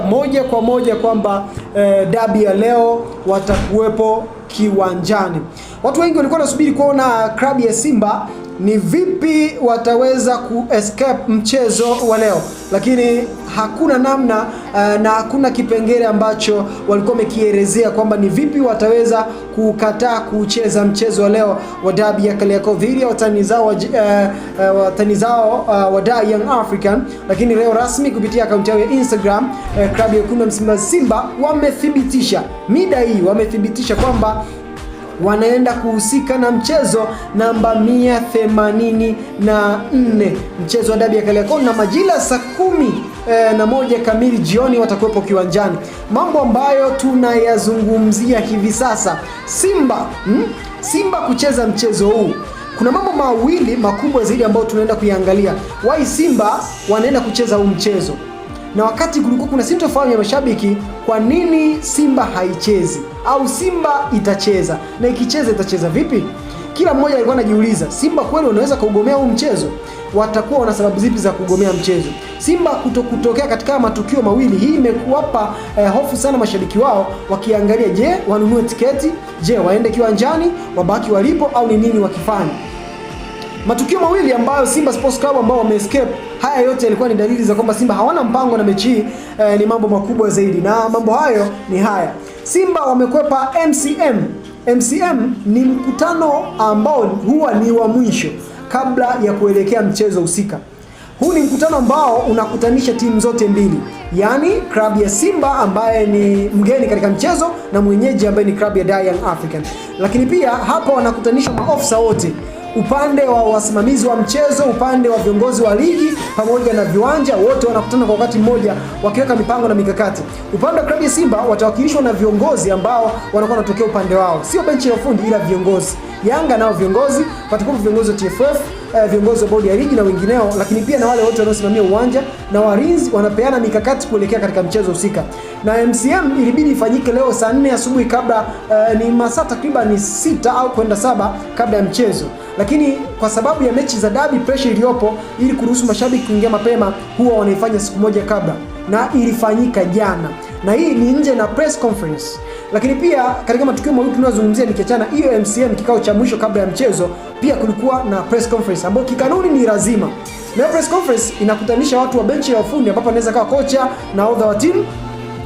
moja kwa moja kwamba eh, dabi ya leo watakuwepo kiwanjani. Watu wengi walikuwa wanasubiri kuona klabu ya Simba ni vipi wataweza kuescape mchezo wa leo, lakini hakuna namna uh, na hakuna kipengele ambacho walikuwa wamekielezea kwamba ni vipi wataweza kukataa kucheza mchezo wa leo wa dabi ya Kariakoo dhidi ya watani zao uh, uh, watani zao uh, wa da Young African. Lakini leo rasmi kupitia akaunti yao ya Instagram uh, klabu ya wekundu wa Msimbazi Simba wamethibitisha mida hii, wamethibitisha kwamba wanaenda kuhusika na mchezo namba 184 mchezo wa dabi ya Kariakoo, na majira saa kumi e, na moja kamili jioni watakuwepo kiwanjani. Mambo ambayo tunayazungumzia hivi sasa, Simba hmm? Simba kucheza mchezo huu kuna mambo mawili makubwa zaidi ambayo tunaenda kuyaangalia. Wai Simba wanaenda kucheza huu mchezo na wakati kulikuwa kuna sintofahamu ya mashabiki, kwa nini Simba haichezi au Simba itacheza na ikicheza itacheza vipi? Kila mmoja alikuwa anajiuliza, Simba kweli wanaweza kugomea huu mchezo? Watakuwa wana sababu zipi za kugomea mchezo? Simba kutokutokea katika matukio mawili, hii imekuwapa eh, hofu sana mashabiki wao, wakiangalia, je, wanunue tiketi? Je, waende kiwanjani? Wabaki walipo? au ni nini wakifanya? Matukio mawili ambayo Simba Sports Club ambao wameescape, haya yote yalikuwa ni dalili za kwamba Simba hawana mpango na mechi hii eh, ni mambo makubwa zaidi, na mambo hayo ni haya: Simba wamekwepa MCM. MCM ni mkutano ambao huwa ni wa mwisho kabla ya kuelekea mchezo husika. Huu ni mkutano ambao unakutanisha timu zote mbili, yaani klabu ya Simba ambaye ni mgeni katika mchezo na mwenyeji ambaye ni klabu ya Young African, lakini pia hapa wanakutanisha maofisa wote upande wa wasimamizi wa mchezo, upande wa viongozi wa ligi pamoja na viwanja, wote wanakutana kwa wakati mmoja wakiweka mipango na mikakati. Upande wa klabu ya Simba watawakilishwa na viongozi ambao wanakuwa wanatokea upande wao, sio benchi ya ufundi, ila viongozi. Yanga nao viongozi, patakuwa viongozi wa TFF eh, viongozi wa bodi ya ligi na wengineo, lakini pia na wale wote wanaosimamia uwanja na walinzi wanapeana mikakati kuelekea katika mchezo husika. Na MCM ilibidi ifanyike leo saa 4 asubuhi kabla eh, ni masaa takriban sita au kwenda saba kabla ya mchezo lakini kwa sababu ya mechi za dabi pressure iliyopo, ili kuruhusu mashabiki kuingia mapema, huwa wanaifanya siku moja kabla, na ilifanyika jana, na hii ni nje na press conference lakini pia katika matukio mawili tunayozungumzia nikiachana hiyo MCM, kikao cha mwisho kabla ya mchezo, pia kulikuwa na press conference ambayo kikanuni ni lazima, na press conference inakutanisha watu wa benchi ya ufundi ambapo anaweza kawa kocha na odha wa timu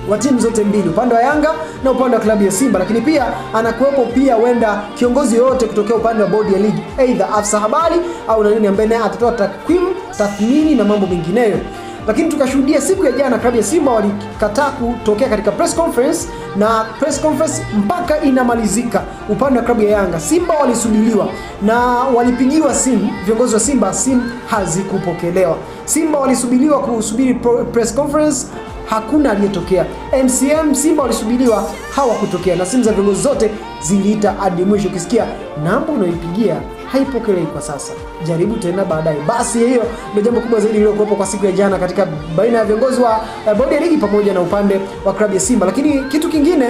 wa timu zote mbili upande wa Yanga na upande wa klabu ya Simba, lakini pia anakuwepo pia wenda kiongozi yoyote kutokea upande wa bodi ya ligi, eidha afsa habari au nanini ambaye naye atatoa takwimu, tathmini na mambo mengineyo lakini tukashuhudia siku ya jana klabu ya Simba walikataa kutokea katika press conference, na press conference mpaka inamalizika. Upande wa klabu ya Yanga, Simba walisubiliwa na walipigiwa simu viongozi wa Simba, simu hazikupokelewa. Simba walisubiliwa kusubiri press conference hakuna aliyetokea. MCM Simba walisubiriwa, hawakutokea, na simu za viongozi zote ziliita hadi mwisho. Ukisikia namba unaoipigia haipokelei kwa sasa, jaribu tena baadaye. Basi hiyo ndio jambo kubwa zaidi lililokuwepo kwa siku ya jana katika baina ya viongozi wa eh, bodi ya ligi pamoja na upande wa klabu ya Simba. Lakini kitu kingine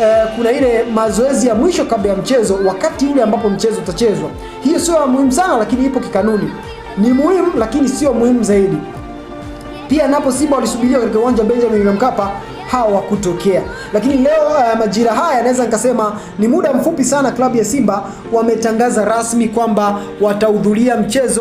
eh, kuna ile mazoezi ya mwisho kabla ya mchezo, wakati ile ambapo mchezo utachezwa. Hiyo sio muhimu sana, lakini ipo kikanuni. Ni muhimu, lakini sio muhimu zaidi. Pia napo Simba walisubiria katika uwanja wa Benjamin Mkapa hawakutokea lakini leo uh, majira haya naweza nikasema ni muda mfupi sana, klabu ya Simba wametangaza rasmi kwamba watahudhuria mchezo